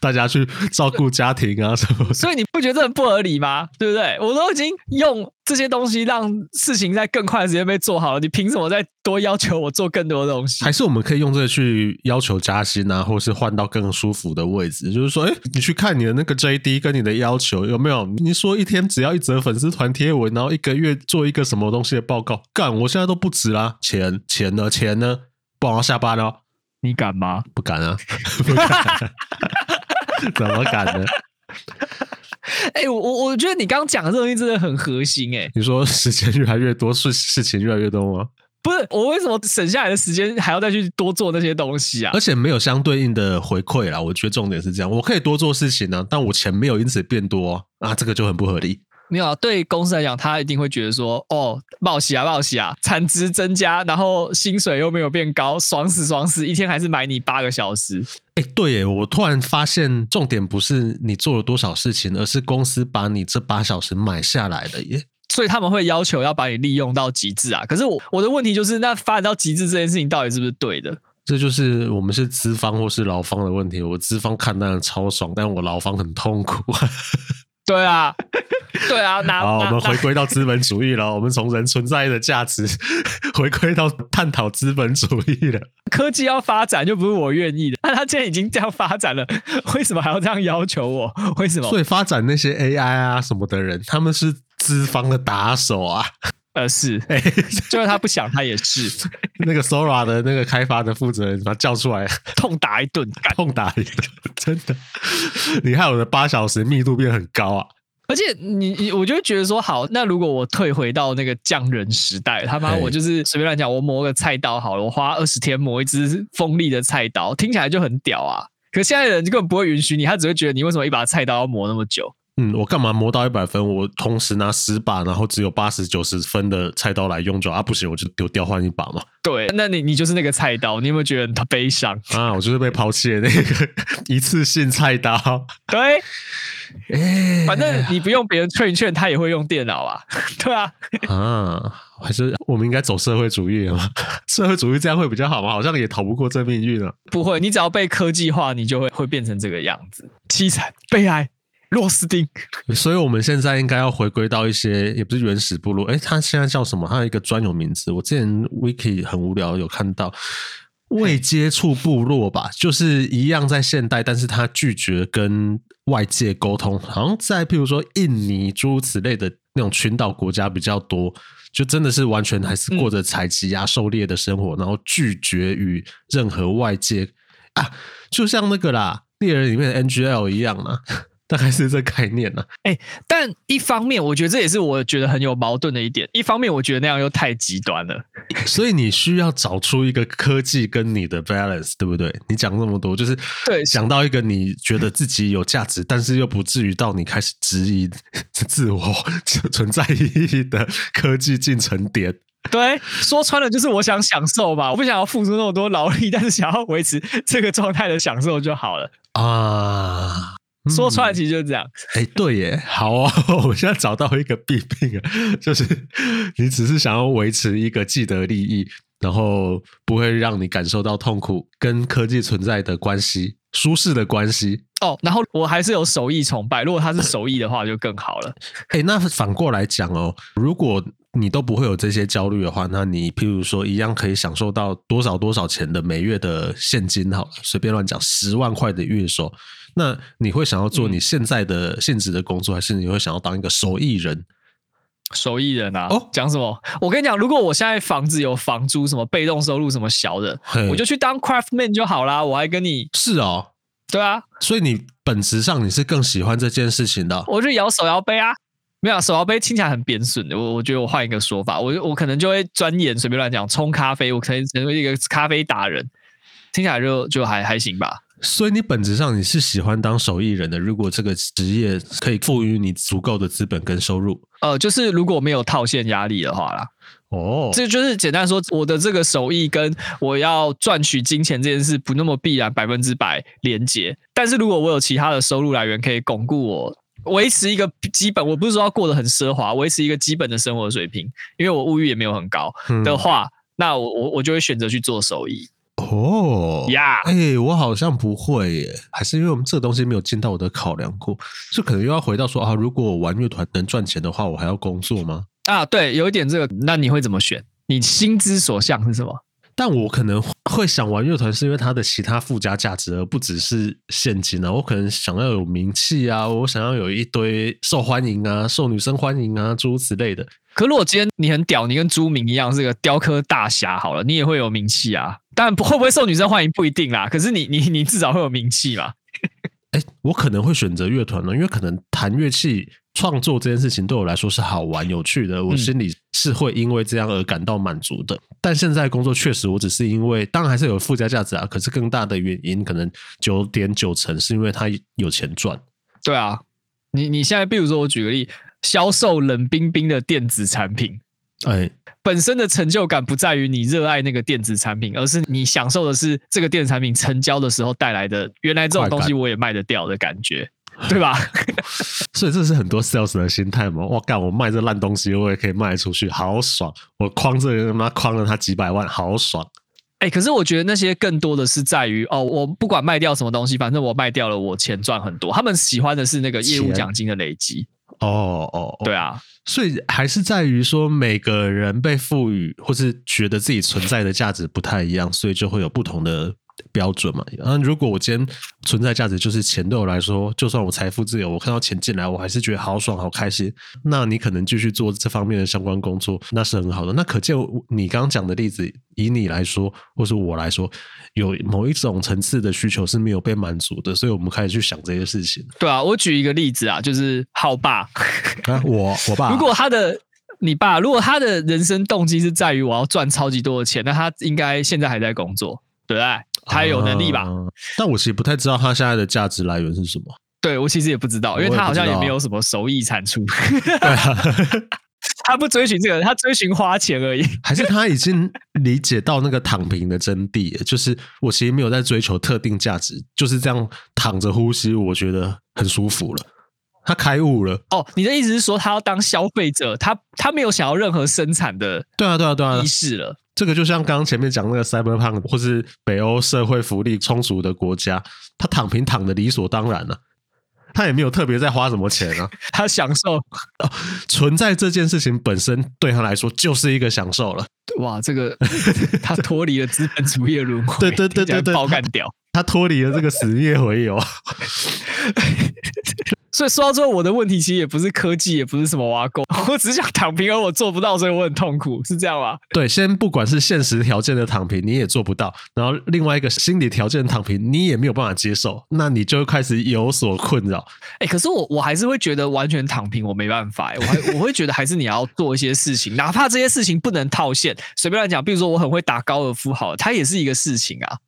大家去照顧家庭啊什麼。所以你不覺得這很不合理嗎？對不對？我都已經用這些東西讓事情在更快的時間被做好了，你憑什麼再多要求我做更多的東西？還是我們可以用這個去要求加薪啊，或是換到更舒服的位置？就是說，哎，你去看你的那個 JD 跟。你的要求有沒有？你說一天只要一則粉絲團貼文，然後一個月做一個什麼東西的報告？幹，我現在都不止啦！錢錢呢？錢呢？不然我下班了。你敢嗎？不敢啊！不敢啊 怎麼敢呢？哎 欸，我我我覺得你剛講的這東西真的很核心哎、欸。你說時間越來越多，事事情越來越多嗎？不是我為什麼省下來的時間還要再去多做那些東西啊？而且沒有相對應的回饋啦，我覺得重點是這樣。我可以多做事情呢、啊，但我錢沒有因此變多啊，這個就很不合理。沒有、啊，對公司來講，他一定會覺得說，哦，報喜啊，報喜啊，產值增加，然後薪水又沒有變高，爽死爽死，一天還是買你八個小時。誒、欸。對，我突然發現重點不是你做了多少事情，而是公司把你這八小時買下來的耶。所以他們會要求要把你利用到極致啊！可是我我的問題就是，那發展到極致這件事情到底是不是對的？這就是我們是資方或是勞方的問題。我資方看當然超爽，但我勞方很痛苦。 對啊，對啊，那好我們回歸到資本主義了。 我們從人存在的價值回歸到探討資本主義了。科技要發展就不是我願意的。那他既然已經這樣發展了，為什麼還要這樣要求我？為什麼？所以發展那些 AI 啊什麼的人，他們是。資方的打手啊。呃，呃是，就 是他不想，他也是。 那個 Sora 的那個開發的負責人，把他叫出來， 痛打一頓，痛打一頓，真的。你看我的八小時密度變很高啊，而且你你，我就會覺得說，好，那如果我退回到那個匠人時代，他媽我就是隨便亂講，我磨個菜刀好了，我花二十天磨一隻鋒利的菜刀，聽起來就很屌啊。可是現在的人就根本不會允許你，他只會覺得你為什麼一把菜刀要磨那麼久？嗯，我幹嘛磨到一百分？我同時拿十把，然後只有八十九十分的菜刀來用着啊！不行，我就丟掉換一把嘛。對，那你你就是那個菜刀，你有沒有覺得他悲傷啊？我就是被拋棄的那個 一次性菜刀。對，欸、反正你不用別人勸一勸，他也會用電腦啊。 對啊，啊，還是我們應該走社會主義了嘛？社會主義這樣會比較好嗎？好像也逃不過這命運啊。不會，你只要被科技化，你就會會變成這個樣子，淒慘悲哀。螺絲釘，所以我們現在應該要回歸到一些也不是原始部落。誒、欸、他現在叫什麼？他有一個專有名字。我之前 wiki 很無聊有看到未接觸部落吧，就是一樣在現代，但是他拒絕跟外界溝通。好像在譬如說印尼諸如此類的那種群島國家比較多，就真的是完全還是過着採集啊、狩、嗯、獵的生活，然後拒絕與任何外界啊，就像那個啦獵人裡面的 NGL 一樣啦。大概是這概念呢、啊欸，但一方面，我覺得這也是我覺得很有矛盾的一點。一方面，我覺得那樣又太極端了，所以你需要找出一個科技跟你的 balance，對不對？你講那麼多，就是對，想到一個你覺得自己有價值，但是又不至於到你開始質疑自我存在意義的科技進程點。對，說穿了就是我想享受吧，我不想要付出那麼多勞力，但是想要維持這個狀態的享受就好了啊。Uh... 說出來其實就是這樣。哎、嗯欸，對耶，好、哦、我現在找到一個弊病，啊，就是你只是想要維持一個既得利益，然後不會讓你感受到痛苦跟科技存在的關係，舒適的關係。哦，然後我還是有手藝崇拜，如果他是手藝的話，就更好了。誒、嗯欸、那反過來講哦，如果你都不會有這些焦慮的話，那你譬如說一樣可以享受到多少多少錢的每月的現金，好了，隨便亂講十萬塊的月收。那你會想要做你現在的現職的工作，嗯，還是你會想要當一個手藝人？手藝人啊？哦，講什麼？我跟你講，如果我現在房子有房租，什麼被動收入什麼小的，我就去當 craftman 就好啦，我還跟你是哦。對啊，所以你本質上你是更喜歡這件事情的、哦。我就搖手搖杯啊，沒有、啊、手搖杯聽起來很貶損的。我我覺得我換一個說法，我我可能就會鑽研，隨便亂講，沖咖啡，我可以成為一個咖啡達人，聽起來就就還還行吧。所以你本質上你是喜歡當手藝人的。如果這個職業可以賦予你足夠的資本跟收入，呃，就是如果沒有套現壓力的話啦，哦，這就是簡單說，我的這個手藝跟我要賺取金錢這件事不那麼必然，百分之百連結。但是如果我有其他的收入來源可以鞏固我維持一個基本，我不是說要過得很奢華，維持一個基本的生活水平，因為我物欲也沒有很高的話，嗯，那我我我就會選擇去做手藝。哦呀，哎，我好像不會耶，還是因為我們這個東西沒有進到我的考量過。就可能又要回到說啊，如果我玩樂團能賺錢的話，我還要工作嗎？啊，對，有一點這個。那你會怎麼選？你心之所向是什麼？但我可能會想玩樂團，是因為它的其他附加價值，而不只是現金呢、啊。我可能想要有名氣啊，我想要有一堆受歡迎啊，受女生歡迎啊，諸如此類的。可是我今天你很屌，你跟朱明一樣是個雕刻大俠，好了，你也會有名氣啊。但會不會受女生歡迎不一定啦，可是你你你至少會有名氣嘛、欸。哎，我可能會選擇樂團呢，因為可能彈樂器、創作這件事情對我來說是好玩、有趣的，我心裡是會因為這樣而感到滿足的。嗯、但現在工作確實，我只是因為當然還是有附加價值啊，可是更大的原因可能九點九成是因為他有錢賺。對啊，你你現在，比如說我舉個例，銷售冷冰冰的電子產品。哎、欸，本身的成就感不在於你熱愛那個電子產品，而是你享受的是這個電子產品成交的時候帶來的，原來這種東西我也賣得掉的感覺，快感 對吧？ 所以這是很多 sales 的心態嘛？哇，幹！我賣這爛東西，我也可以賣出去，好爽！我誆這個人，他媽誆了他幾百萬，好爽！哎、欸，可是我覺得那些更多的是在於哦，我不管賣掉什麼東西，反正我賣掉了，我錢賺很多。他們喜歡的是那個業務獎金的累積。哦哦，對啊，所以還是在於說每個人被賦予或是覺得自己存在的價值不太一樣，所以就會有不同的標準嘛，啊，如果我今天存在價值就是錢，對我來說，就算我財富自由，我看到錢進來，我還是覺得好爽，好開心。那你可能繼續做這方面的相關工作，那是很好的。那可見你剛剛講的例子，以你來說，或是我來說，有某一種層次的需求是沒有被滿足的，所以我們開始去想這些事情。對啊，我舉一個例子啊，就是好爸， 啊、我我爸，如果他的你爸，如果他的人生動機是在於我要賺超級多的錢，那他應該現在還在工作。對他也他有能力吧、啊？但我其實不太知道他現在的價值來源是什麼？對我其實也不知道，因為他好像也沒有什麼收益產出。不啊、 他不追尋這個，他追尋花錢而已。還是他已經理解到那個躺平的真諦了，就是我其實沒有在追求特定價值，就是這樣躺着呼吸，我覺得很舒服了。他開悟了哦！你的意思是說，他要當消費者，他他沒有想要任何生產的對啊對啊對啊意識了。這個就像剛剛前面講那個 Cyberpunk 或是北歐社會福利充足的國家，他躺平躺的理所當然了，他也沒有特別在花什麼錢啊， 他享受、呃、存在這件事情本身對他來說就是一個享受了。哇，這個他脫離了資本主義的輪回， 對,對,對對對對對，包干掉，他脫離了這個死滅洄游。 所以說到最後，我的問題其實也不是科技，也不是什麼挖溝，我只想躺平，而我做不到，所以我很痛苦，是這樣嗎？對，先不管是現實條件的躺平，你也做不到；然後另外一個心理條件的躺平，你也沒有辦法接受，那你就會開始有所困擾。哎、欸，可是我我還是會覺得完全躺平我沒辦法，哎，我還我會覺得還是你要做一些事情， 哪怕這些事情不能套現。隨便亂講，比如說我很會打高爾夫，好了，它也是一個事情啊。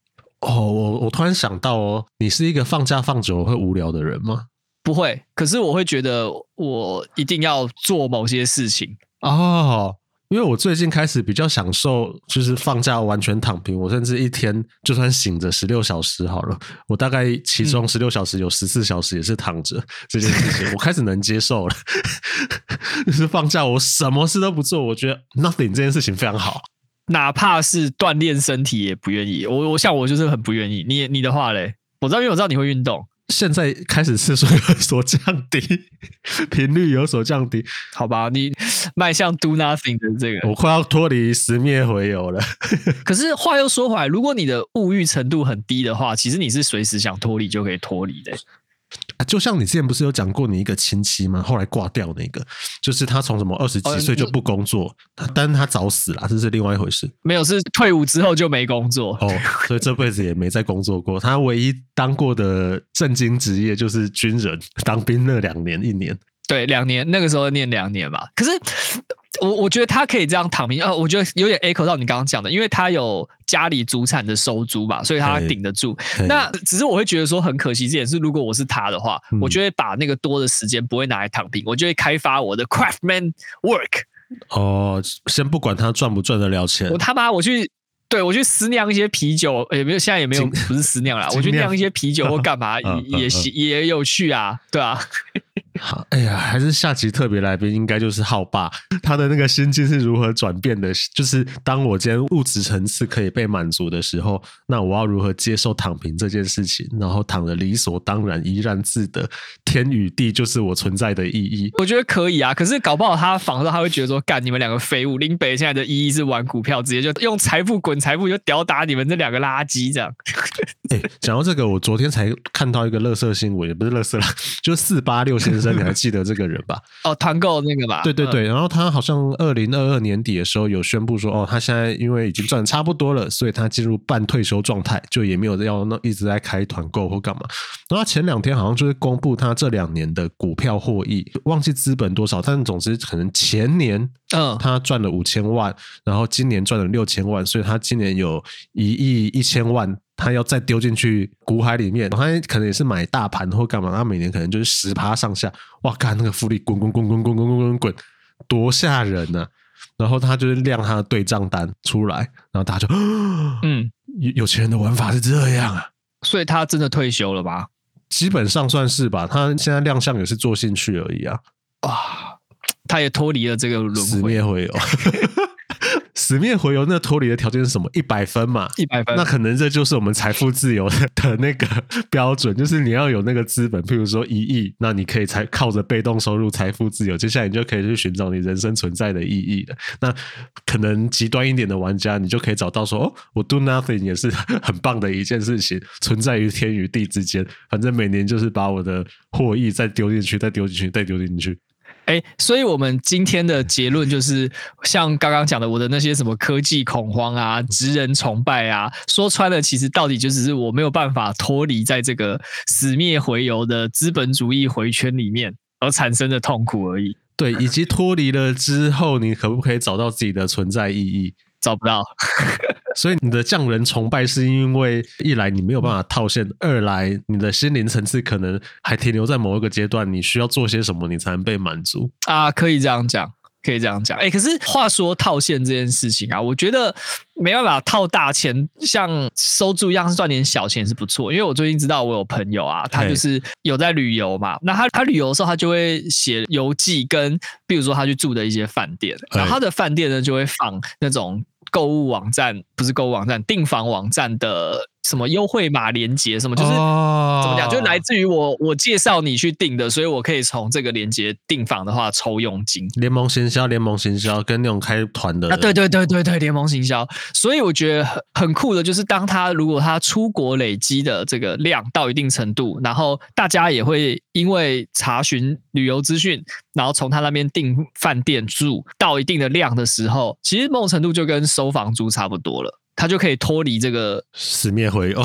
哦，我我突然想到，哦，你是一個放假放久了會無聊的人嗎？不會，可是我會覺得我一定要做某些事情。哦，因為我最近開始比較享受，就是放假完全躺平，我甚至一天就算醒着十六小時好了，我大概其中十六小時有十四小時也是躺着、嗯、這件事情，我開始能接受了。 就是放假我什麼事都不做，我覺得 nothing 這件事情非常好，哪怕是鍛鍊身體也不願意。我，我想我就是很不願意。你，你的話嘞，我知道，因為我知道你會運動。現在開始次數有所降低，頻率有所降低。好吧，你邁向 Do Nothing 的這個，我快要脫離死滅洄游了。可是話又說回來，如果你的物欲程度很低的話，其實你是隨時想脫離就可以脫離的。啊、就像你之前不是有講過你一個親戚嗎？後來掛掉那個，就是他從什麼二十幾歲就不工作，哦、但是他早死了，這、嗯、是，是另外一回事。沒有，是退伍之後就沒工作哦，所以這輩子也沒再工作過。 他唯一當過的正經職業就是軍人，當兵那兩年一年，對，兩年那個時候念兩年吧。可是。我我覺得他可以這樣躺平，哦、我覺得有點 echo 到你剛剛講的，因為他有家裡祖產的收租嘛，所以他頂得住。那只是我會覺得說很可惜，這也是如果我是他的話，嗯，我就會把那個多的時間不會拿來躺平，我就會開發我的 craftman work。哦，先不管他賺不賺得了錢，我他媽我去，對我去私釀一些啤酒，也，欸、沒有現在也沒有不是私釀啦，我去釀一些啤酒或幹嘛，嗯、也，嗯、也，嗯、也有趣啊，嗯、對啊。 好，哎呀，還是下集特別來賓應該就是浩爸，他的那個心境是如何轉變的？就是當我今天物質層次可以被滿足的時候，那我要如何接受躺平這件事情，然後躺的理所當然，怡然自得，天與地就是我存在的意義。我覺得可以啊，可是搞不好他仿的時候，他會覺得說，幹 你們兩個廢物。林北現在的意義是玩股票，直接就用財富滾財富，就屌打你們這兩個垃圾這樣。哎、 欸，講到這個，我昨天才看到一個樂色新聞，也不是樂色啦，就是四八六先生。 你還記得這個人吧？哦，團購那個吧？對對對，然後他好像二零二二年底的時候有宣布說，哦，他現在因為已經賺得差不多了，所以他進入半退休狀態，就也沒有要那一直在開團購或幹嘛。然後前兩天好像就是公布他這兩年的股票獲益，忘記資本多少，但總之可能前年嗯他賺了五千萬，然後今年賺了六千萬，所以他今年有一億一千萬。他要再丟進去股海裡面，他可能也是買大盤或幹嘛，他每年可能就是十趴上下，哇，看那個複利滾滾滾滾滾滾滾滾多嚇人啊！然後他就是亮他的對賬單出來，然後大家就，嗯，哦、有，有錢人的玩法是這樣啊，所以他真的退休了吧？基本上算是吧，他現在亮相也是做興趣而已啊，啊，他也脫離了這個輪迴。死滅洄游。 死滅洄游，那脫離的條件是什麼？一百分嘛，一百分。那可能這就是我們財富自由的那個標準，就是你要有那個資本，譬如說一億，那你可以才靠着被動收入財富自由。接下來你就可以去尋找你人生存在的意義了。那可能極端一點的玩家，你就可以找到說哦，我 do nothing 也是很棒的一件事情，存在於天與地之間。反正每年就是把我的獲益再丟進去，再丟進去，再丟進去。哎、欸，所以我們今天的結論就是，像剛剛講的，我的那些什麼科技恐慌啊、職人崇拜啊，說穿了，其實到底就只是我沒有辦法脫離在這個死滅回游的資本主義回圈裡面而產生的痛苦而已。對，以及脫離了之後，你可不可以找到自己的存在意義？找不到。 所以你的匠人崇拜是因為一來你沒有辦法套現，二來你的心靈層次可能還停留在某一個階段，你需要做些什麼你才能被滿足啊？可以這樣講，可以這樣講。哎、欸，可是話說套現這件事情啊，我覺得沒辦法套大錢，像收租一樣是賺點小錢是不錯。因為我最近知道我有朋友啊，他就是有在旅遊嘛，欸、那他他旅遊的時候他就會寫遊記，跟比如說他去住的一些飯店，然後他的飯店呢就會放那種。購物網站，不是購物網站，訂房網站的。什麼優惠碼連結什麼，就是、哦、怎麼講，就是來自於我我介紹你去訂的，所以我可以從這個連結訂房的話抽佣金。聯盟行銷，聯盟行銷跟那種開團的啊，對對對對對，聯盟行銷。所以我覺得很很酷的，就是當他如果他出國累積的這個量到一定程度，然後大家也會因為查詢旅遊資訊，然後從他那邊訂飯店住到一定的量的時候，其實某種程度就跟收房租差不多了。他就可以脫離這個死滅洄游，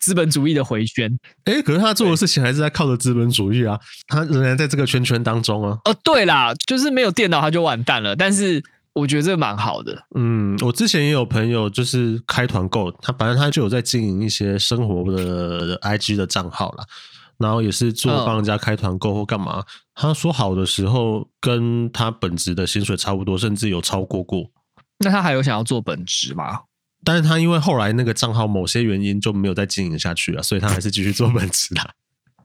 資本主義的回旋。哎，可是他做的事情還是在靠着資本主義啊，他仍然在這個圈圈當中啊。哦，對啦，就是沒有電腦他就完蛋了。但是我覺得這蠻好的。嗯，我之前也有朋友就是開團購，他本來他就有在經營一些生活的 IG 的賬號啦，然後也是做幫人家開團購或幹嘛、哦。他說好的時候跟他本職的薪水差不多，甚至有超過過。那他還有想要做本職嗎？但是他因為後來那個賬號某些原因就沒有再經營下去了，所以他還是繼續做奔馳啦。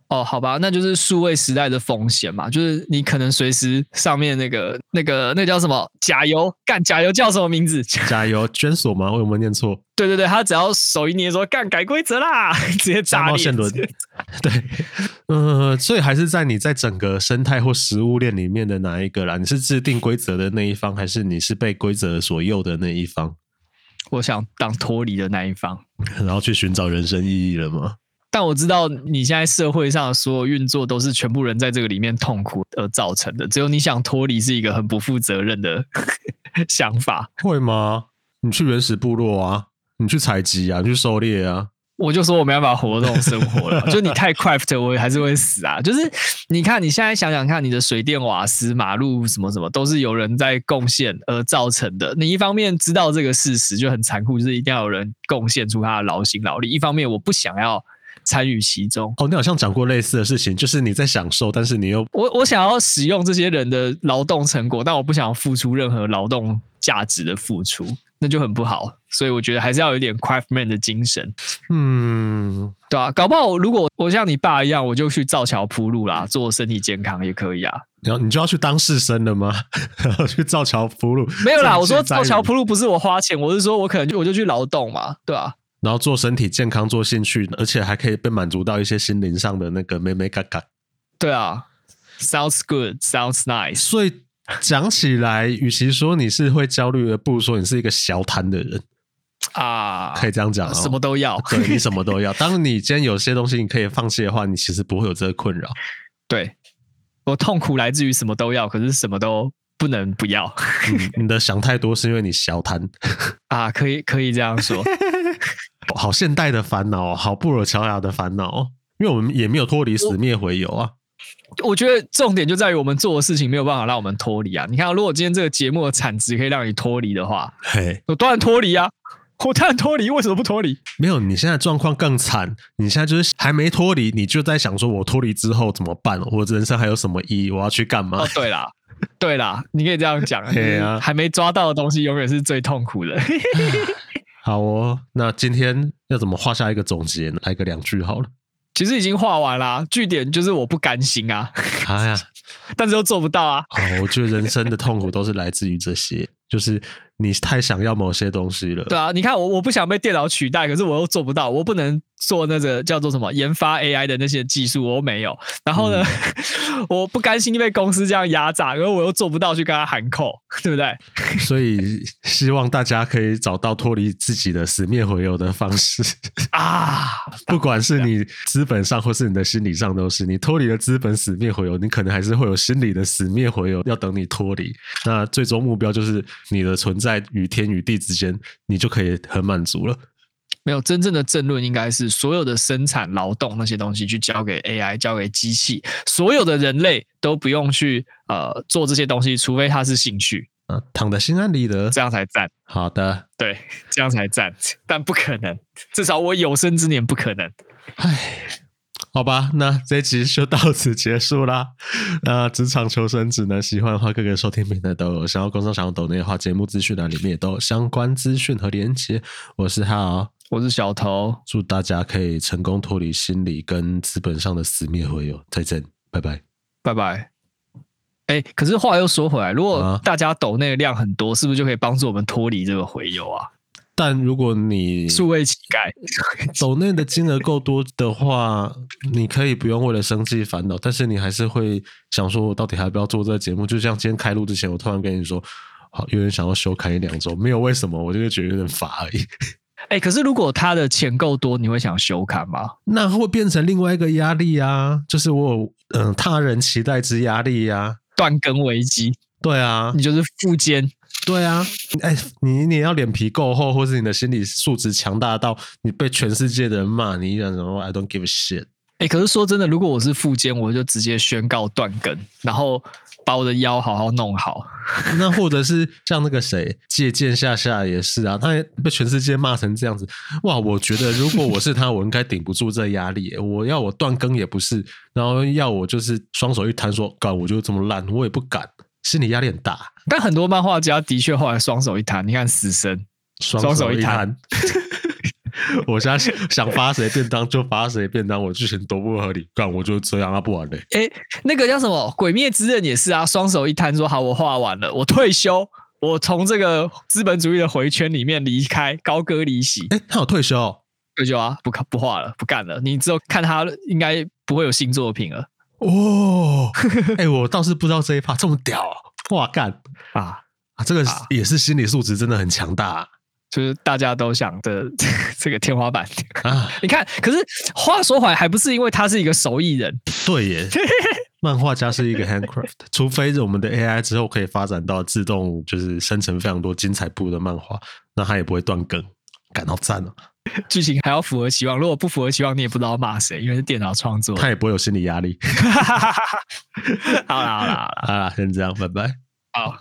哦，好吧，那就是數位時代的風險嘛，就是你可能隨時上面那個那個那叫什麼甲油干甲油叫什麼名字？甲油捐索嗎？我有沒有念錯？ 對對對，他只要手一捏說幹改規則啦，直接炸冒險輪。 對，呃，所以還是在你在整個生態或食物鏈裡面的哪一個啦？你是制定規則的那一方，還是你是被規則所誘的那一方？我想當脫離的那一方，然後去尋找人生意義了嗎？但我知道你現在社會上的所有運作都是全部人在這個裡面痛苦而造成的，只有你想脫離是一個很不負責任的 想法，會嗎？你去原始部落啊，你去採集啊，你去狩獵啊。我就說我沒辦法活這種生活了，就你太 craft，我也還是會死啊。就是你看你現在想想看，你的水電瓦斯、馬路什麼什麼，都是有人在貢獻而造成的。你一方面知道這個事實就很殘酷，就是一定要有人貢獻出他的勞心勞力。一方面我不想要。參與其中哦，你好像講過類似的事情，就是你在享受，但是你又我我想要使用這些人的勞動成果，但我不想要付出任何勞動價值的付出，那就很不好。所以我覺得還是要有點 craftman 的精神，嗯，對啊，搞不好我如果我像你爸一樣，我就去造橋鋪路啦，做身體健康也可以啊。然後你就要去當士紳了嗎？然 後去造橋鋪路？沒有啦，我說造橋鋪路不是我花錢，我是說我可能就我就去勞動嘛，對吧？然後做身體健康，做興趣，而且還可以被滿足到一些心靈上的那個美美嘎嘎。對啊，sounds good, sounds nice。所以講起來，與其說你是會焦慮的，不如說你是一個小貪的人啊。Uh, 可以這樣講哦，什麼都要，對，你什麼都要。 當你今天有些東西你可以放棄的話，你其實不會有這個困擾。對，我痛苦來自於什麼都要，可是什麼都不能不要。 嗯，你的想太多是因為你小貪啊， uh, 可以可以這樣說。 哦、好現代的煩惱，好布爾喬亞的煩惱，因為我們也沒有脫離死滅洄游啊，我。我覺得重點就在於我們做的事情沒有辦法讓我們脫離啊。你看，如果今天這個節目的產值可以讓你脫離的話，嘿，我當然脫離啊，我當然脫離，為什麼不脫離？沒有，你現在狀況更慘，你現在就是還沒脫離，你就在想說，我脫離之後怎麼辦？我人生還有什麼意義？我要去幹嘛、哦？對啦，對啦，你可以這樣講， 啊就是、還沒抓到的東西永遠是最痛苦的。 好哦，那今天要怎麼畫下一個總結呢？來個兩句好了。其實已經畫完了，句點，就是我不甘心啊！哎呀，但是又做不到啊。啊、哦，我覺得人生的痛苦都是來自於這些， 就是你太想要某些東西了。對啊，你看我我不想被電腦取代，可是我又做不到，我不能，做那個叫做什麼研發 AI 的那些技術，我沒有。然後呢、嗯， 我不甘心因為公司這樣壓榨，而我又做不到去跟他喊扣，對不對？所以希望大家可以找到脫離自己的死滅洄游的方式 啊！ 不管是你資本上，或是你的心理上，都是你脫離了資本死滅洄游，你可能還是會有心理的死滅洄游要等你脫離。那最終目標就是你的存在與天與地之間，你就可以很滿足了。沒有真正的爭論，應該是所有的生產勞動那些東西去交給 AI，交給機器，所有的人類都不用去呃做這些東西，除非他是興趣，呃、啊、躺得心安理得，這樣才讚。好的，對，這樣才讚，但不可能，至少我有生之年不可能。唉，好吧，那這期就到此結束啦。呃，職場求生只能喜歡的話，哥哥收聽品，每人都有。想要工作想要抖內的話，節目資訊的，裡面也都相關資訊和鏈接。我是哈、哦。我是小頭，祝大家可以成功脫離心理跟資本上的死滅洄游，再見，拜拜，拜拜。哎、欸，可是話又說回來，如果大家抖內的量很多、啊，是不是就可以幫助我們脫離這個洄游啊？但如果你數位乞丐抖內的金額夠多的話， 你可以不用為了生計煩惱，但是你還是會想說，我到底還不要做這個節目？就像今天開錄之前，我突然跟你說，好，有點想要休刊一兩周，沒有為什麼，我就是覺得有點乏而已。 哎、欸，可是如果他的錢夠多，你會想休刊嗎？那會變成另外一個壓力啊，就是我有嗯他人期待之壓力呀、啊，斷更危機。對啊，你就是富奸，對啊。欸、你你要臉皮夠厚，或是你的心理素質強大到你被全世界的人罵，你依然什麼？I don't give a shit、欸。哎，可是說真的，如果我是富奸，我就直接宣告斷更，然後。把我的腰好好弄好， 那或者是像那個誰，借劍下下也是啊，他也被全世界罵成這樣子，哇！我覺得如果我是他，我應該頂不住這壓力。我要我斷更也不是，然後要我就是雙手一攤說，幹我就這麼爛，我也不敢，心理壓力很大。但很多漫畫家的確後來雙手一攤，你看死神雙手一攤。 我現在想發誰便當就發誰便當，我之前多不合理，幹我就這樣，啊，他不玩了。哎，那個叫什麼《鬼滅之刃》也是啊，雙手一攤說：“好，我畫完了，我退休，我從這個資本主義的回圈裡面離開，高歌離席。”欸，哎，他有退休？退休啊，不不畫了，不幹了。你只有看他應該不會有新作品了。哦，哎、 欸，我倒是不知道這一趴這麼屌，啊，畫幹啊，啊，這個也是心理素質真的很強大，啊。就是大家都想的這個天花板啊！ 你看，可是話說回來，還不是因為他是一個手藝人？對耶， 漫畫家是一個 handcraft，除非是我們的 AI 之後可以發展到自動，就是生成非常多精彩部的漫畫，那他也不會斷更。感到讚哦、啊。劇情還要符合期望，如果不符合期望，你也不知道罵誰，因為是電腦創作，他也不會有心理壓力 好啦。好啦，好啦，好啦，先這樣，拜拜，好。